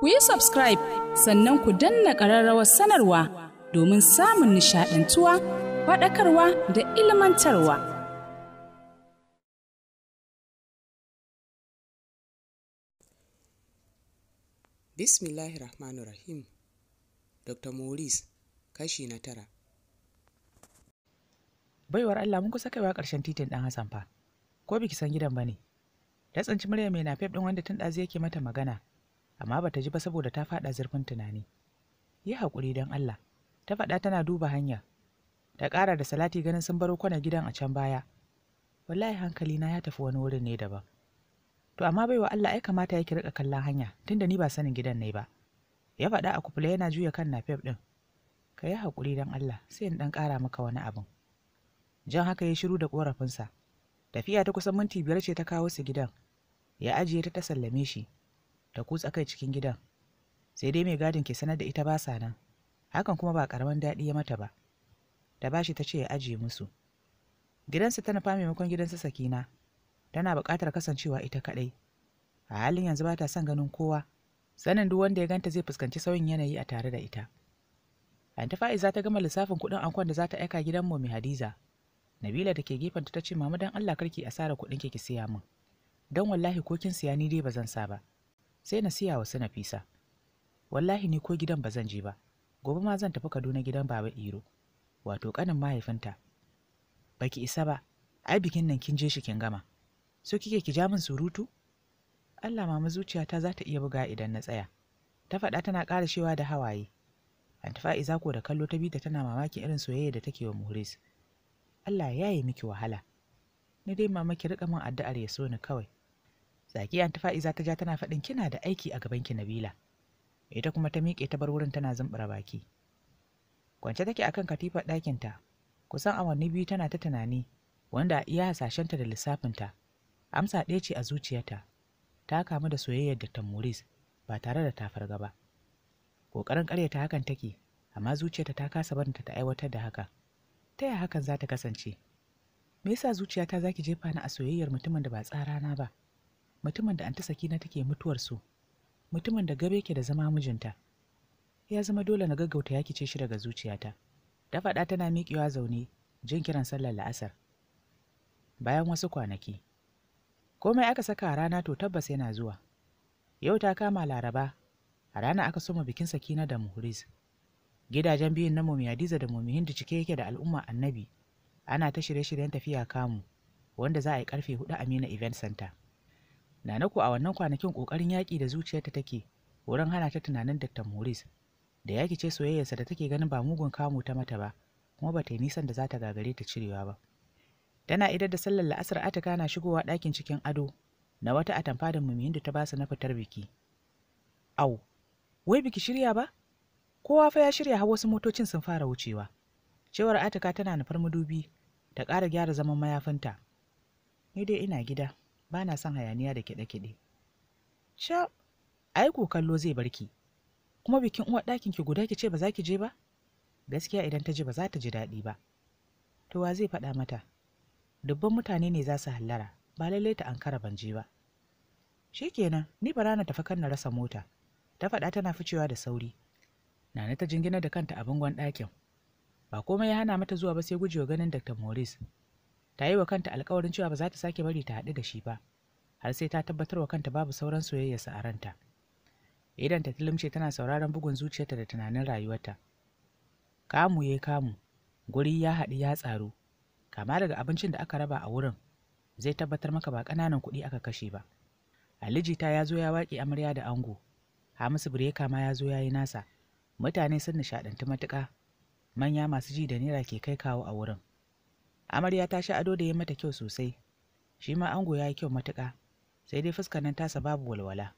ku yi subscribe sannan ku danna ƙararrawar sanarwa domin samun nishaɗantuwa faɗakarwa da ilmantarwa. Bismillahirrahmanirrahim Dr. Maurice, kashi na tara. Baiwar Allah mun kusa kaiwa ƙarshen titin ɗan Hassan fa, ko biki san gidan ba ne? Ya tsanci murya mai na fef ɗin wanda tun ɗazi yake mata magana, amma ba ta ji ba saboda ta faɗa zurfin tunani. Yi haƙuri don Allah, ta faɗa tana duba hanya. Ta ƙara da salati ganin sun baro kwana gidan a can baya. Wallahi hankali na ya tafi wani wurin ne daban. To amma baiwa Allah ai kamata yake riƙa kallon hanya tunda ni ba sanin gidan ne ba. Ya faɗa a kufula yana juya kan nafef ɗin. Ka yi haƙuri don Allah sai in ɗan ƙara maka wani abin. Jan haka ya shiru da ƙorafinsa. Tafiya ta kusan minti biyar ce ta kawo su gidan. Ya ajiye ta ta sallame shi. ta kutsa kai cikin gidan sai dai mai gadin ke sanar da ita ba sa nan hakan kuma ba karaman daɗi ya mata ba da bashi ta ce ya ajiye musu Gidansa tana fa maimakon gidansa sakina tana buƙatar kasancewa ita kaɗai a halin yanzu ba ta son ganin kowa sanin duk wanda ya ganta zai fuskanci sauyin yanayi a tare da ita Anta Fa'iza ta gama lissafin kuɗin ankon da za ta aika gidan mu mai Hadiza. Nabila da ke gefenta ta ce mama dan Allah karki asara kuɗin ke ki siya min. Don wallahi ko kin siya ni dai ba zan sa ba. sai na siya wa su Nafisa. Wallahi ni ko gidan ba zan je ba, gobe ma zan tafi Kaduna gidan Baba Iro, wato ƙanin mahaifinta. Baki isa ba, ai bikin nan kin je shi kin gama. So kike ki ja min surutu? Allah mama zuciyata za ta iya buga idan na tsaya. Ta faɗa tana ƙara shewa da hawaye. Anti Fa'iza ko da kallo ta bi ta tana mamaki irin soyayya da take wa Muhris. Allah ya yi miki wahala. Ni dai mama ki riƙa min addu'ar ya so ni kawai. Zaki an fa'iza ta ja tana faɗin kina da aiki a gaban ki Nabila. Ita kuma ta miƙe ta bar wurin tana zumbura baki. Kwance take akan katifar ɗakinta, kusan awanni biyu tana ta tunani, wanda iya hasashenta da lissafin ta Amsa ɗaya ce a zuciyarta, ta kamu da soyayyar Dr. Maurice ba tare da ta farga ba. Ƙoƙarin ƙaryata hakan take, amma zuciyarta ta kasa barinta ta aiwatar da haka. Ta yaya hakan za ta kasance? Me yasa zuciyata za ki jefa ni a soyayyar mutumin da ba tsara na ba? mutumin da anta sakina take mutuwar su mutumin da gabe ke da zama mijinta ya zama dole na gaggauta ya kice shi daga zuciyata ta. faɗa tana miƙewa zaune jin kiran sallar la'asar bayan wasu kwanaki komai aka saka a rana to tabbas yana zuwa yau ta kama laraba a rana aka soma bikin sakina da muhriz gidajen biyun na mumi hadiza da mumi hindu cike yake da al'umma annabi ana ta shirye-shiryen tafiya kamu wanda za a yi karfe hudu Amina event center Nanaku, a wannan kwanakin ƙoƙarin yaƙi da zuciyarta take wurin hana ta tunanin Dr. Morris da yaƙi ce soyayyarsa da take ganin ba mugun kamu ta mata ba kuma ba ta yi nisan da za ta gagare ta cirewa ba. Tana idar da sallar la'asar Atika na shigowa ɗakin cikin ado na wata atamfa da mumiyin da ta basu na fitar biki. Au, wai biki shirya ba? Kowa fa ya shirya har wasu motocin sun fara wucewa. Cewar Atika tana nufar madubi ta ƙara gyara zaman mayafinta. Ni dai ina gida, ba na son hayaniya da kiɗe-kiɗe. sha ai ko kallo zai barki, kuma bikin uwar ɗakin ki guda ki ce ba za ki je ba? Gaskiya idan ta ji ba za ta ji daɗi ba. To wa zai faɗa mata? Dubban mutane ne za su hallara, ba lallai ta ankara ban je ba. Shi kenan, ni ba rana tafi kan na rasa mota. Ta faɗa tana ficewa da sauri. Nana ta jingina da kanta a bangon ɗakin. Ba komai ya hana mata zuwa ba sai gujewa ganin Dr. Morris, ta yi wa kanta alkawarin cewa ba za ta sake bari ta haɗu da shi ba har sai ta tabbatar wa kanta babu sauran soyayyarsa a ranta idan ta tilimce tana sauraron bugun zuciyarta da tunanin rayuwarta kamu ya kamu guri ya haɗu ya tsaro kama daga abincin da aka raba a wurin zai tabbatar maka ba ƙananan kuɗi aka kashe ba ta ya zo ya waƙe amarya da ango hamisu bireka ma ya zo ya yi nasa mutane sun nishaɗantu matuƙa manya masu ji da nera ke kai kawo a wurin amarya ta sha ado da ya mata kyau sosai shi ma ango ya yi kyau matuƙa sai dai fuskar nan tasa babu walwala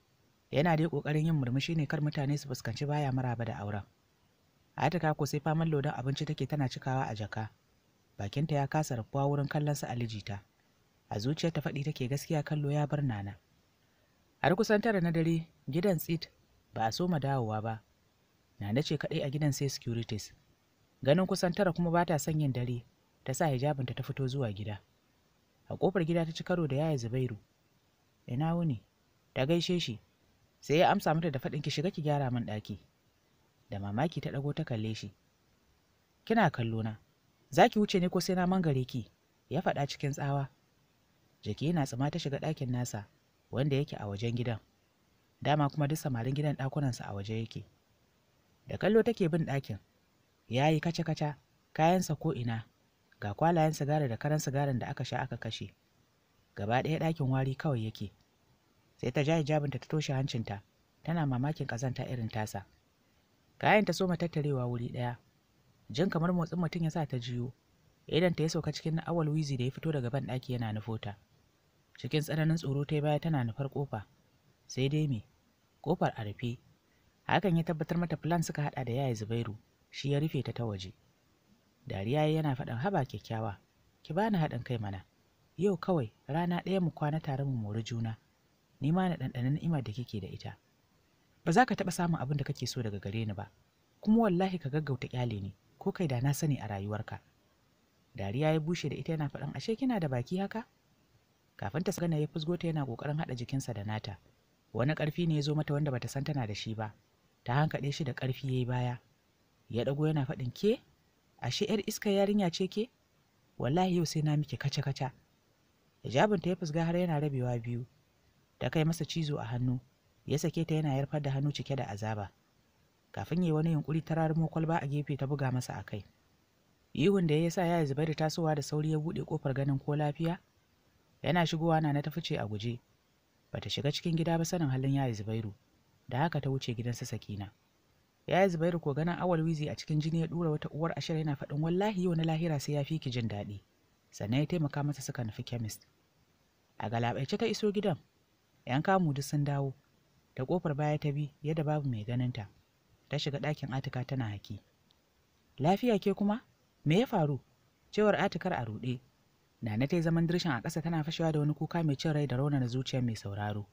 yana dai ƙoƙarin yin murmushi ne kar mutane su fuskanci baya maraba da auren atika ko sai faman lodon abinci take tana cikawa a jaka bakinta ya kasa rabuwa wurin kallon su alijita a zuciyarta faɗi take gaskiya kallo ya bar nana har kusan tara na dare gidan tsit ba a soma dawowa ba nana ce kaɗai a gidan sai securities ganin kusan tara kuma ba ta son yin dare ta sa hijabinta ta fito zuwa gida a ƙofar gida ta ci karo da yaya zubairu ina wuni ta gaishe shi sai ya amsa mata da faɗin ki shiga ki gyara min ɗaki da mamaki ta ɗago ta kalle shi kina kallo na za ki wuce ne ko sai na gare ki ya faɗa cikin tsawa jiki yana tsima ta shiga ɗakin nasa wanda yake a wajen gidan dama kuma duk samarin gidan ɗakunansa a waje yake da kallo take bin ɗakin ya yi kaca-kaca kayansa ko ina ga kwalayen sigari da karan sigarin da aka sha aka kashe gaba ɗaya ɗakin wari kawai yake sai ta ja hijabinta ta toshe hancinta tana mamakin ƙazanta irin tasa kayan ta soma tattarewa wuri ɗaya jin kamar motsin mutum ya sa ta jiyo idan ta ya sauka cikin awal wizi da ya fito daga ban ɗaki yana ta cikin tsananin tsoro ta baya tana nufar ƙofa sai dai me ƙofar a rufe hakan ya tabbatar mata plan suka haɗa da yaya zubairu shi ya rufe ta ta waje Dariya yana faɗin haba kyakkyawa, ki bani haɗin kai mana. Yau kawai rana ɗaya mu kwana tare mu mori juna, ni ma na ɗanɗanin ni'imar da kike da ita. Ba za ka taɓa samun abin da kake so daga gare ni ba, kuma wallahi ka gaggauta ƙyale ni, ko kai da na sani a rayuwarka. Dariya ya bushe da ita yana faɗin ashe kina da baki haka? Kafin ta sagana ya fusgo ta yana ƙoƙarin haɗa jikinsa da nata. Wani ƙarfi ne ya zo mata wanda bata san tana da shi ba, ta hankaɗe shi da ƙarfi ya yi baya. Ya ɗago yana faɗin ke? ashe yar iska yarinya ce ke wallahi yau sai na miki kaca kaca ta ya fusga har yana rabewa biyu da kai masa cizo a hannu ya sake ta yana yarfar da hannu cike da azaba kafin yayi wani yunkuri ta rarmo kwalba a gefe ta buga masa a kai ihun da ya sa ya zubar da tasowa da sauri ya bude kofar ganin ko lafiya yana shigowa na ta fice a guje bata shiga cikin gida ba sanin halin yayi zubairu da haka ta wuce gidansa sakina ya yi zubairu ko ganin awal wizi a cikin jini ya dura wata uwar ashirin yana faɗin wallahi yau na lahira sai ya fi ki jin daɗi sannan ya taimaka masa suka nufi kemis a galabaice ta iso gidan yan kamu duk sun dawo da kofar baya ta bi yadda babu mai ganinta ta shiga ɗakin atika tana haki lafiya ke kuma me ya faru cewar atikar a ruɗe nana ta yi zaman dirshin a ƙasa tana fashewa da wani kuka mai cin rai da raunana zuciya mai sauraro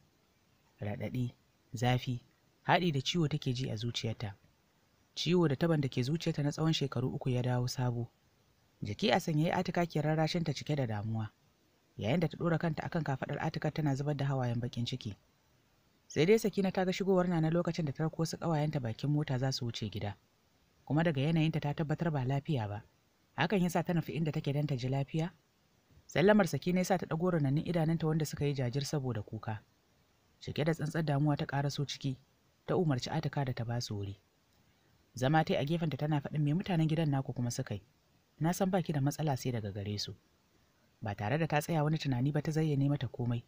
raɗaɗi zafi haɗi da ciwo take ji a zuciyarta ciwo da taban da ke zuciyarta na tsawon shekaru uku ya dawo sabo jiki a sanya ya atika ke rarrashin ta cike da damuwa yayin da ta ɗora kanta akan kafaɗar atikar tana zubar da hawayen bakin ciki sai dai sakina ta ga shigowar na na lokacin da ta rako su ƙawayenta bakin mota za su wuce gida kuma daga yanayinta ta tabbatar ba lafiya ba hakan yasa ta nufi inda take don ta ji lafiya sallamar sakina yasa ta ɗago rananin idanunta wanda suka yi jajir saboda kuka cike da tsantsar damuwa ta ƙaraso ciki ta umarci Atika da ta ba su wuri. Zama tai a gefenta tana faɗin mai mutanen gidan naku kuma suka yi. Na san baki da matsala sai daga gare su. Ba tare da ta tsaya wani tunani ba ta zayyane mata komai.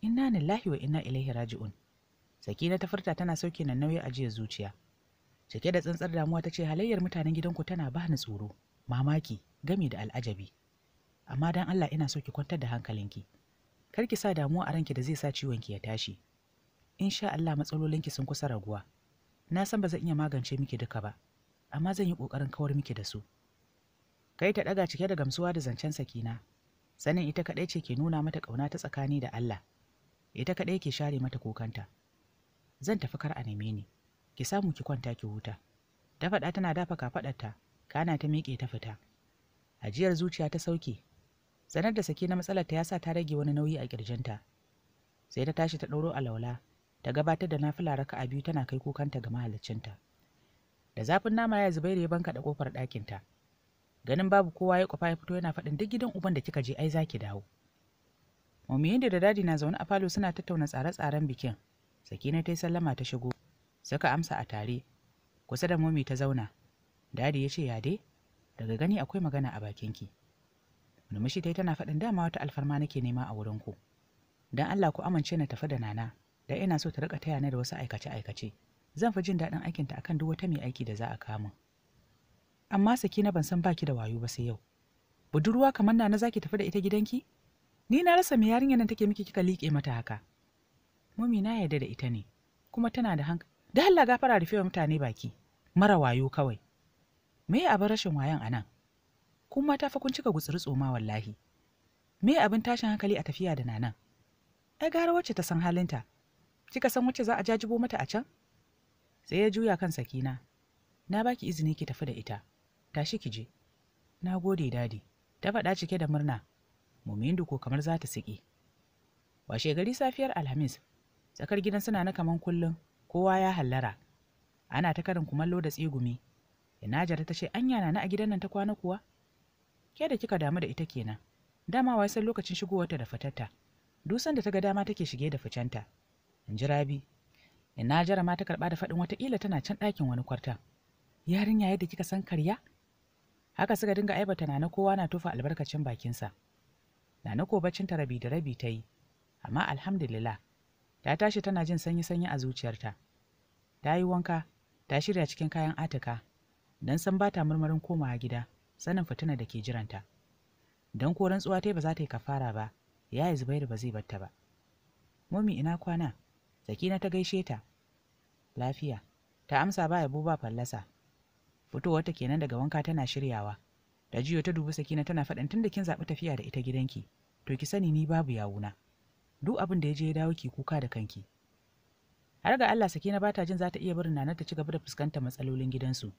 Inna lahi wa inna ilaihi raji'un. Sakina ta furta tana sauke nan nauyi ajiyar zuciya. Cike da tsantsar damuwa ta ce halayyar mutanen gidanku tana ba ni tsoro, mamaki, gami da al'ajabi. Amma dan Allah ina so ki kwantar da hankalinki. Kar ki sa damuwa a ranki da zai sa ciwon ki ya tashi. In sha Allah matsalolinki sun kusa raguwa na san ba zan iya magance miki duka ba amma zan yi ƙoƙarin kawar miki da su kai ta ɗaga cike da gamsuwa da zancen sakina sanin ita kaɗai ce ke nuna mata ƙauna ta tsakani da Allah ita kaɗai ke share mata kokanta zan tafi kar a neme ni ki samu ki kwanta ki huta ta faɗa tana dafa kafaɗarta kana ta miƙe ta fita ajiyar zuciya ta sauke sanar da sake na matsalar ta yasa ta rage wani nauyi a ƙirjinta sai ta tashi ta ɗauro alaula ta gabatar da nafila raka a biyu tana kai kukanta ga mahaliccinta da zafin nama ya zubaida ya banka da kofar ɗakinta ganin babu kowa ya kwafa ya fito yana faɗin duk gidan uban da kika je ai zaki dawo mumiyin da dadi na zaune a falo suna tattauna tsare-tsaren bikin sakina ta yi sallama ta shigo suka amsa a tare kusa da momi ta zauna dadi ya ce ya dai daga gani akwai magana a bakinki murmushi ta yi tana faɗin dama wata alfarma nake nema a wurin ku don allah ku amince na tafi da nana da ina so ta rika taya ni da wasu aikace-aikace zan fi jin daɗin aikinta akan duk wata mai aiki da za a kama amma na ban san baki da wayo ba sai yau budurwa kamar na zaki tafi da ita gidanki ni na rasa me yarinyar nan take miki kika liƙe mata haka mumi na yarda da ita ne kuma tana da hankali da Allah gafara rufe wa mutane baki mara wayo kawai me ya abin rashin wayan anan kuma ta fa kun cika gutsuri tsoma wallahi me abin tashin hankali a tafiya da nanan ai gara wacce ta san halinta kika san wacce za a jajibo mata a can sai ya juya kan sakina na baki izini ki tafi da ita tashi ki je na gode dadi ta faɗa cike da murna mumindu ko kamar za ta siki washe gari safiyar alhamis tsakar gidan suna na kaman kullum kowa ya hallara ana ta karin kumallo da tsigumi jara ta ce anya na a gidan nan ta kwana kuwa ke da kika damu da ita kenan dama wai san lokacin shigowarta da fitarta dusan da ta ga dama take shige da ficenta in ji rabi ina jara ma ta karɓa da faɗin wataƙila tana can ɗakin wani kwarta yarinya yadda kika san karya haka suka dinga aibata na kowa na tofa albarkacin bakinsa Na na baccin ta rabi da rabi ta yi amma alhamdulillah ta tashi tana jin sanyi-sanyi a zuciyarta ta yi wanka ta shirya cikin kayan atika don san ba ta murmurin komawa gida sanin fitina da ke jiranta don ko rantsuwa ta ba za ta yi kafara ba ya yi zubairu ba zai batta ba momi ina kwana sakina ta gaishe ta lafiya ta amsa ba yabo ba fallasa fitowa ta kenan daga wanka tana shiryawa da jiyo ta dubi sakina tana faɗin tun kin zaɓi tafiya da ita gidanki to ki sani ni babu yawuna duk abin da ya je ya dawo ki kuka da kanki har ga Allah sakina ba ta jin za ta iya barin Nana ta ci gaba da fuskantar matsalolin gidansu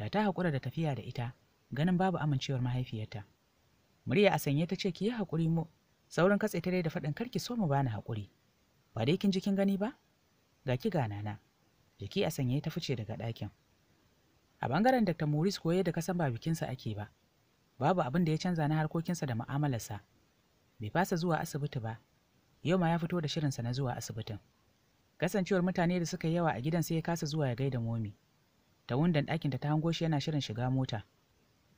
da ta haƙura da tafiya da ita ganin babu amincewar mahaifiyarta murya a sanye ta ce ki yi haƙuri mu saurin katse ta dai da faɗin karki so mu bani haƙuri ba dai kin ji kin gani ba ga ki ga nana jiki a sanye ta fice daga ɗakin a bangaren dr morris koye da kasan ba bikinsa ake ba babu abin da ya canza na harkokinsa da mu'amalarsa bai fasa zuwa asibiti ba yau ma ya fito da shirinsa na zuwa asibitin kasancewar mutane da suka yi yawa a gidan sai ya kasa zuwa ya gaida momi ta wundan ɗakinta ta hango shi yana shirin shiga mota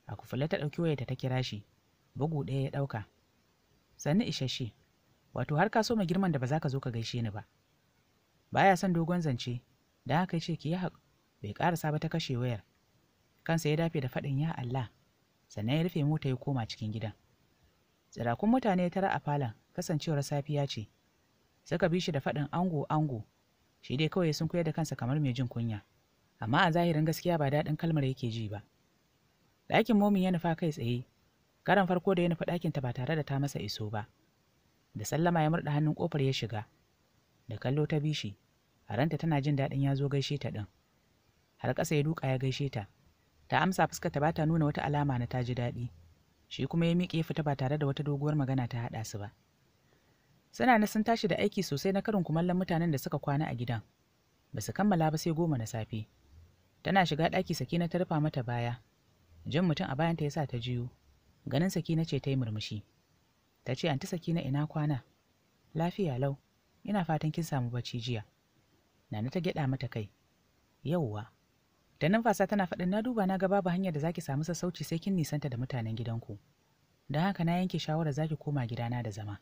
a kufule ta ɗauki wayarta ta kira shi bugu ɗaya ya ɗauka sannu isasshe wato har ka so ma girman da ba za ka zo ka gaishe ni ba baya son dogon zance da haka ce ki haƙ bai ƙarasa ba ta kashe wayar kansa ya dafe da faɗin ya Allah sannan ya rufe mota ya koma cikin gidan tsirakun mutane tara a falon kasancewar safiya ce suka bi shi da faɗin ango ango shi dai kawai sun koyar da kansa kamar mai jin kunya amma a zahirin gaskiya ba daɗin kalmar yake ji ba ɗakin momin ya nufa kai tsaye karan farko da ya nufa ɗakinta ba tare da ta masa iso ba da sallama ya murɗa hannun ƙofar ya shiga da kallo ta bishi a ranta tana jin daɗin ya zo gaishe ta ɗin har ƙasa ya duka ya gaishe ta ta amsa fuska ta bata nuna wata alama na ta ji daɗi shi kuma ya miƙe fita ba tare da wata doguwar magana ta haɗa su ba suna na sun tashi da aiki sosai na karin kumallon mutanen da suka kwana a gidan ba su kammala ba sai goma na safe tana shiga ɗaki sakina ta rufa mata baya jin mutum a bayanta ya sa ta jiyo ganin sakina ce ta yi murmushi ta ce anti na ina kwana lafiya lau ina fatan kin samu bacci jiya nana ta gyada mata kai yauwa da numfasa tana faɗin na duba na ga babu hanyar da zaki samu sassauci sai kin nisanta da mutanen gidanku don haka na yanke shawarar zaki koma gidana da zama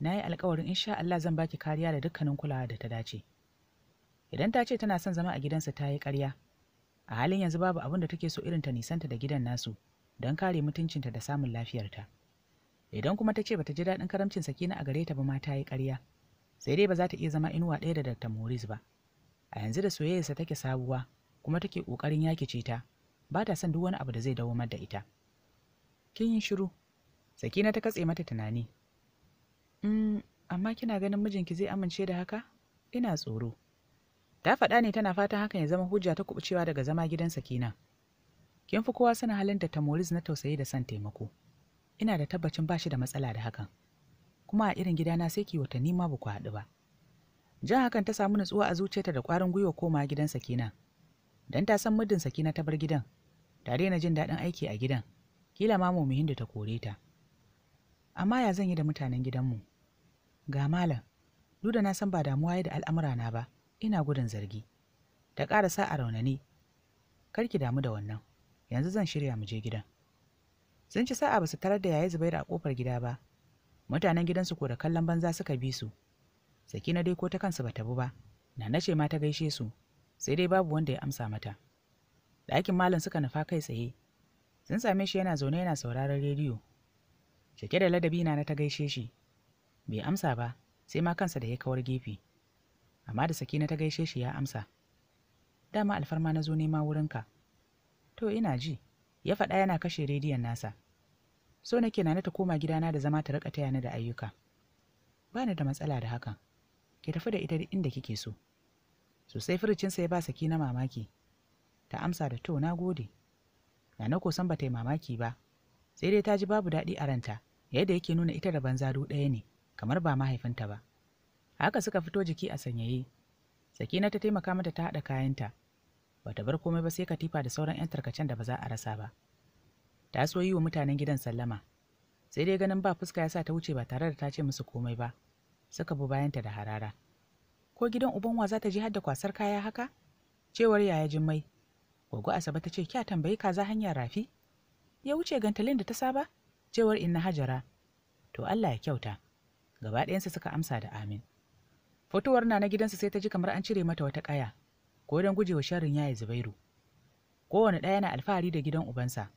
na yi alkawarin insha Allah zan baki kariya da dukkanin kulawa da ta dace idan ta ce tana son zama a gidansa ta yi ƙarya a halin yanzu babu abin da take so irin ta nisanta da gidan nasu don kare mutuncinta da samun lafiyarta idan kuma ta ce bata ji daɗin karamcin sakina a gare ta ba ma ta yi ƙarya sai dai ba za ta iya zama inuwa ɗaya da dr morris ba a yanzu da soyayyarsa take sabuwa kuma take ƙoƙarin yakice ta ba ta son duk wani abu da zai dawo da ita kin yi shiru sakina ta katse mata tunani mm, amma kina ganin mijinki zai amince da haka ina tsoro ta faɗa ne tana fatan hakan ya zama hujja ta kubucewa daga zama gidan sakina kin fi kowa sanin halin da tamoris na tausayi da son taimako ina da tabbacin ba shi da matsala da hakan kuma a irin gidana sai ki watanni ma ba haɗu ba jan hakan ta samu nutsuwa a zuciyarta da ƙwarin gwiwa koma gidan sakina dan ta san muddin sakina ta bar gidan tare na jin daɗin aiki a gidan kila ma muhindu ta kore ta amma ya zan yi da mutanen gidanmu ga malam duk da na san ba damuwa da al'amura na ba ina gudun zargi ta ƙara sa a raunani kar ki damu da wannan yanzu zan shirya mu je gidan sun ci sa'a ba su tarar da yayi zubairu a kofar gida ba mutanen gidansu ko da kallon banza suka bi su Saki na dai ko ta kansu bata bu ba nana ce ma ta gaishe su sai dai babu wanda ya amsa mata Dakin malam suka nufa kai tsaye sun same shi yana zaune yana sauraron rediyo cike da ladabi na ta gaishe shi bai amsa ba sai ma kansa da ya kawar gefe amma da sakina ta gaishe shi ya amsa dama alfarma na zo nema wurinka to ina ji ya faɗa yana kashe rediyon nasa so nake na ta koma gidana da zama ta rika taya ni da ayyuka ba ni da matsala da hakan ki tafi da ita inda kike so sosai firicinsa ya ba saki na mamaki ta amsa da to na gode nana ko san ba ta yi mamaki ba sai dai ta ji babu daɗi a ranta yadda yake nuna ita da du ɗaya ne kamar ba mahaifinta ba haka suka fito jiki a sanyaye sakina ta taimaka mata ta haɗa kayanta bata bar komai ba sai katifa da sauran 'yan tarkacen da ba za a rasa ba ta so yi wa mutanen gidan sallama sai dai ganin ba fuska ya sa ta wuce ba tare da ta ce musu komai ba suka bi bayanta da harara ko gidan uban wa za ta je hadda kwasar kaya haka cewar yaya jimmai gogo asabe ta ce kya tambayi kaza hanya rafi ya wuce gantalin da ta saba cewar inna hajara to allah ya kyauta gaba ɗayansu suka amsa da amin fotowar na na gidansu sai ta ji kamar an cire mata wata ƙaya ko don gujewa sharrin yaya Zubairu. Kowane ɗaya na alfahari da gidan ubansa,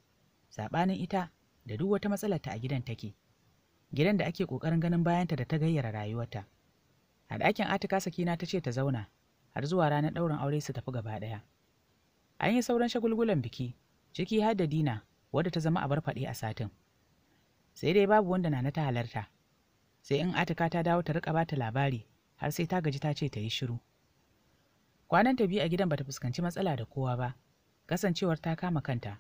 saɓanin ita da duk wata matsalarta a gidan take. Gidan da ake ƙoƙarin ganin bayanta da ta gayyara rayuwarta. A ɗakin Atika Sakina ta ce ta zauna har zuwa ranar ɗaurin aure su tafi gaba ɗaya. An yi sauran shagulgulan biki, ciki har da Dina wadda ta zama abar faɗi a satin. Sai dai babu wanda Nana ta halarta. Sai in Atika ta dawo ta riƙa bata labari har sai ta gaji ta ce ta yi shiru. kwanan ta biyu a gidan bata fuskanci matsala da kowa ba kasancewar ta kama kanta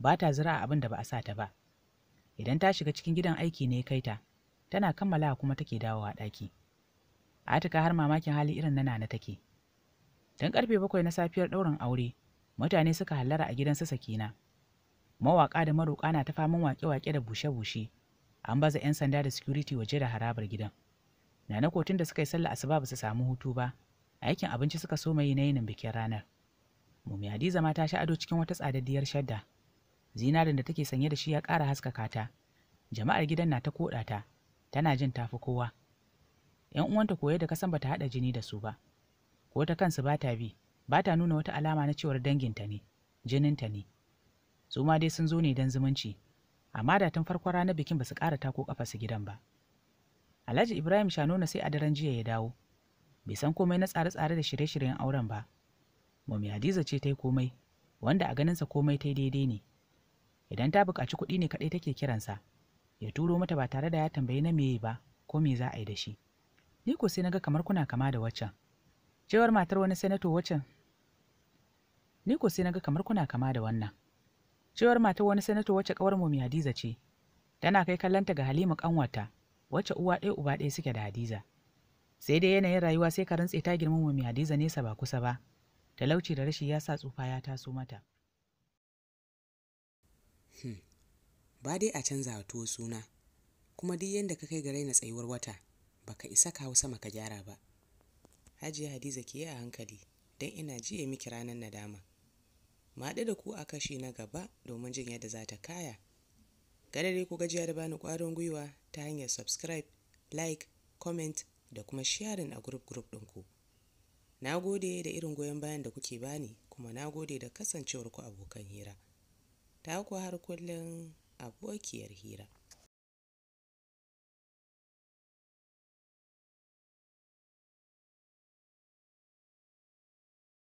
ba ta zira abin da ba a sa ta ba idan ta shiga cikin gidan aiki ne kai ta tana kammala kuma take dawowa ɗaki atika har mamakin hali irin na nana take don karfe bakwai na safiyar ɗaurin aure mutane suka hallara a gidan su sakina mawaƙa da maroƙa na ta faman wake waƙe da bushe-bushe an baza 'yan sanda da security waje da harabar gidan nana kotun da suka yi sallah asuba ba su samu hutu ba aikin abinci suka so mai na yinin bikin ranar mumi hadiza ma ta sha ado cikin wata tsadaddiyar shadda zinarin da take sanye da shi ya ƙara haskaka ta jama'ar gidan na ta koɗa ta tana jin tafi kowa yan uwanta koye da kasan bata haɗa jini da su ba ko ta kansu ba ta bi ba ta nuna wata alama na cewar danginta ne jininta ne su ma dai sun zo ne don zumunci amma da tun farkon ranar bikin ba su ƙara tako ƙafa su gidan ba alhaji ibrahim shanona sai a daren jiya ya dawo bai san komai na tsare-tsare da shirye-shiryen auren ba mami hadiza ce ta yi komai wanda a ganinsa komai ta yi daidai ne idan ta buƙaci kuɗi ne kaɗai take kiransa ya turo mata ba tare da ya tambayi na meye ba ko me za a yi da shi ni ko sai ga kamar kuna kama da waccan cewar matar wani sanato waccan ni ko sai ga kamar kuna kama da wannan cewar matar wani sanato wacce kawar mu Hadiza ce tana kai kallanta ga Halima kanwata wacce uwa ɗaya uba ɗaya suke da Hadiza sai dai yanayin rayuwa sai ka rantse ta girman mai hadiza nesa ba kusa ba talauci da rashi ya sa tsufa ya taso mata hmm. ba dai a canza wa tuwo suna kuma duk yadda ka kai ga raina tsayuwar wata baka isa kawo sama ka gyara ba hajiya hadiza ke yi a hankali don ina jiye miki ranar nadama maɗu da ku a kashi na gaba domin jin yadda za ta kaya kada dai ku gajiya da bani ƙwarin gwiwa ta hanyar subscribe like comment da kuma sharing a group group ɗinku. Na gode da irin goyon bayan da kuke bani kuma na gode da kasancewarku abokan hira. Ta ku har kullum abokiyar hira.